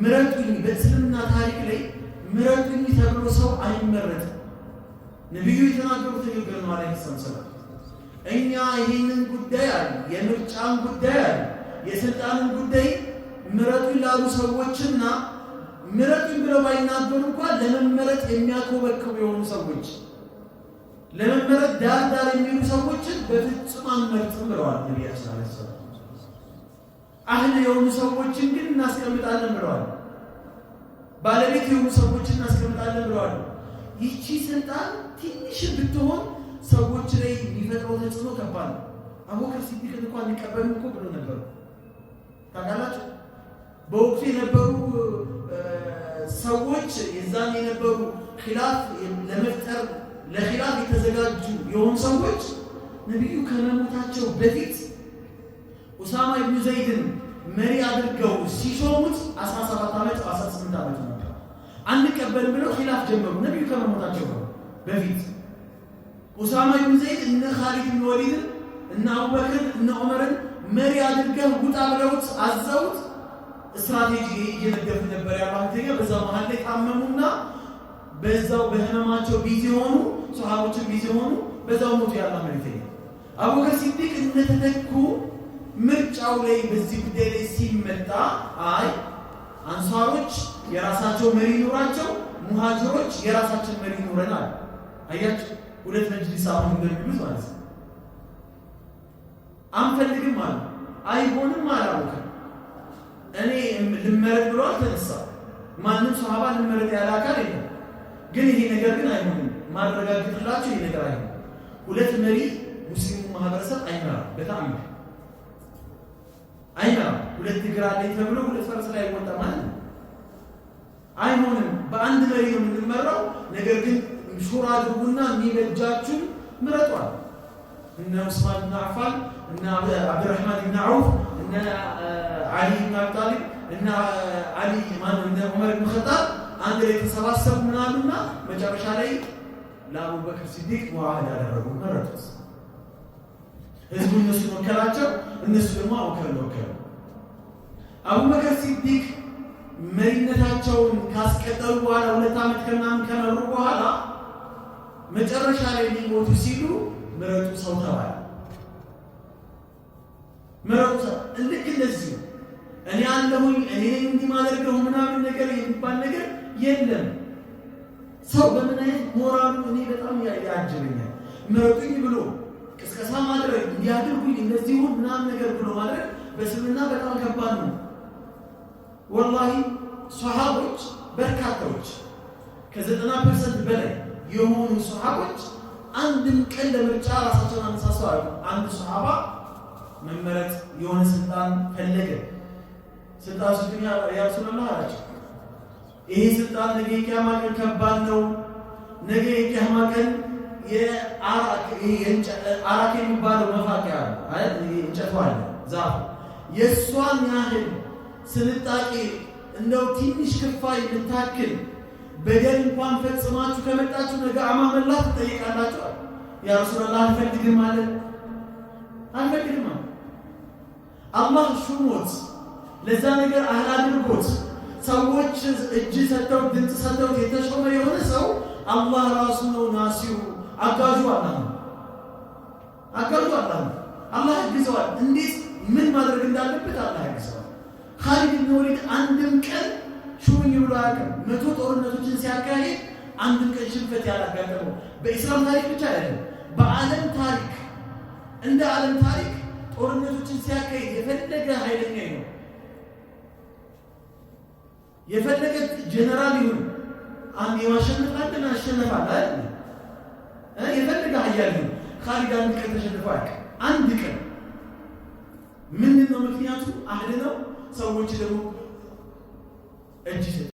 ምረጡኝ በእስልምና ታሪክ ላይ ምረጡኝ ተብሎ ሰው አይመረጥም። ነቢዩ የተናገሩት ንግግር ነው አላ ሰምሰላ እኛ ይህንን ጉዳይ አለ የምርጫን ጉዳይ አለ የስልጣንን ጉዳይ ምረጡኝ ላሉ ሰዎችና ምረጡኝ ብለው ባይናገሩ እንኳ ለመመረጥ የሚያኮበክቡ የሆኑ ሰዎች ለመመረጥ ዳር ዳር የሚሉ ሰዎችን በፍጹም አንመርጥም ብለዋል ነቢያችን አለ ሰላ አህል የሆኑ ሰዎችን ግን እናስቀምጣለን ብለዋል። ባለቤት የሆኑ ሰዎችን እናስቀምጣለን ብለዋል። ይቺ ስልጣን ትንሽ ብትሆን ሰዎች ላይ የሚፈጥረው ተጽዕኖ ከባድ ነው። አቡበከር ሲዲቅን እንኳን ሊቀበሉ እኮ ብሎ ነበሩ። ታውቃላችሁ፣ በወቅቱ የነበሩ ሰዎች የዛን የነበሩ ኪላፍ ለመፍጠር ለኪላፍ የተዘጋጁ የሆኑ ሰዎች ነቢዩ ከመሞታቸው በፊት ኡሳማ ኢብኑ ዘይድን መሪ አድርገው ሲሾሙት 17 ዓመት 18 ዓመት ነበር። አንቀበልም ብለው ሂላፍ ጀመሩ። ነቢዩ ከመሞታቸው በፊት ኡሳማ ኢብኑ ዘይድ እነ ኻሊድ ኢብኑ ወሊድን እነ አቡበክርን እነ ዑመርን መሪ አድርገው ውጣ ብለውት አዘውት ስትራቴጂ እየነገፉ ነበር ያባህት በዛ መሀል ላይ ታመሙና በዛው በህመማቸው ቢዚ ሆኑ፣ ሰሃቦችን ቢዚ ሆኑ፣ በዛው ሞቱ። ያላ መልክተኛ አቡበክር ሲዲቅ እነተተኩ ምርጫው ላይ በዚህ ጉዳይ ላይ ሲመጣ አይ አንሳሮች የራሳቸው መሪ ይኖራቸው ሙሃጅሮች የራሳችን መሪ ይኖረናል። አያችሁ ሁለት መጅሊስ አሁን እንደሚሉት ማለት ነው። አንፈልግም አሉ። አይሆንም አላወቅም። እኔ ልመረድ ብሎ አልተነሳ። ማንም ሰሃባ ልመረድ ያለ አካል የለም። ግን ይሄ ነገር ግን አይሆንም ማረጋግጥላቸው ይሄ ነገር አይሆንም። ሁለት መሪ ሙስሊሙ ማህበረሰብ አይመራም በጣም አይና ሁለት እግር አለኝ ተብሎ ሁለት ፈረስ ላይ ወጣ ማለት አይሆንም። በአንድ መሪ ነው የምንመራው። ነገር ግን ሹራ አድርጉና የሚበጃችሁን ምረጧል። እነ ዑስማን እና አፋን እነ አብድራህማን ብን ዐውፍ እነ አሊ ብን አቢ ጣሊብ እነ አሊ ማን እነ ዑመር ብን ኸጣብ አንድ ላይ የተሰባሰቡ ምናሉና መጨረሻ ላይ ለአቡበክር ሲዲቅ ዋህድ አደረጉ፣ መረጡት ህዝቡ እነሱ መከራቸው፣ እነሱ ደግሞ አቡበከር መከሩ። አቡበከር ሲዲቅ መሪነታቸውን ካስቀጠሉ በኋላ ሁለት ዓመት ከምናምን ከመሩ በኋላ መጨረሻ ላይ ሊሞቱ ሲሉ ምረጡ ሰው ተባለ። ምረጡ ሰው ልክ እንደዚሁ እኔ አለሁኝ እኔ እንዲማደርገው ምናምን ነገር የሚባል ነገር የለም። ሰው በምን አይነት ሞራሉ እኔ በጣም ያጅበኛል። ምረጡኝ ብሎ ቅስቀሳ ማድረግ እንዲያድርጉኝ እነዚህ ምናምን ነገር ብሎ ማድረግ በስምና በጣም ከባድ ነው። ወላሂ ሰሓቦች በርካታዎች ከዘጠና ፐርሰንት በላይ የሆኑ ሰሓቦች አንድም ቀን ለምርጫ ራሳቸውን አነሳሰው አንድ ሰሓባ መመረጥ የሆነ ስልጣን ፈለገ። ስልጣን ሱትን ያሱለላ አላቸው። ይሄ ስልጣን ነገ የቂያማ ቀን ከባድ ነው። ነገ የቂያማ ቀን አራት የሚባለው መፋቂያ እንጨቷ አለ ዛፉ የእሷን ያህል ስንጣቄ እንደው ትንሽ ክፋይ የምታክል በደል እንኳን ፈጽማችሁ ከመጣችሁ ነገ አማመላ ትጠይቃላችሁ። ያ ረሱላላህ አልፈልግም አለ አልፈልግም አለ። አላህ ሹሞት ለዛ ነገር አህል አድርጎት ሰዎች እጅ ሰጥተው ድምፅ ሰጥተው የተሾመ የሆነ ሰው አላህ ራሱ ነው ናሲው አጋዡ አላህ ነው። አጋዡ አላህ ነው። አላህ ያግዘዋል። እንዴት ምን ማድረግ እንዳለበት አላህ ያግዘዋል። ኻሊድ ኢብን ወሊድ አንድም ቀን ብሎ አያውቅም። መቶ ጦርነቶችን ሲያካሄድ አንድም ቀን ሽንፈት ያላጋጠመው በኢስላም ታሪክ ብቻ አይደለም፣ በዓለም ታሪክ እንደ ዓለም ታሪክ ጦርነቶችን ሲያካሄድ የፈለገ ኃይለኛ ነው የፈለገ ጀነራል ይሁን አንድ የማሸነፍ አሸነፋል አይደል የፈለገ ሀያል ነው ካሊድ አንድ ቀን ተሸንፎ አያውቅም። አንድ ቀን ምንድን ነው ምክንያቱ? አህድ ነው። ሰዎች ደግሞ እጅ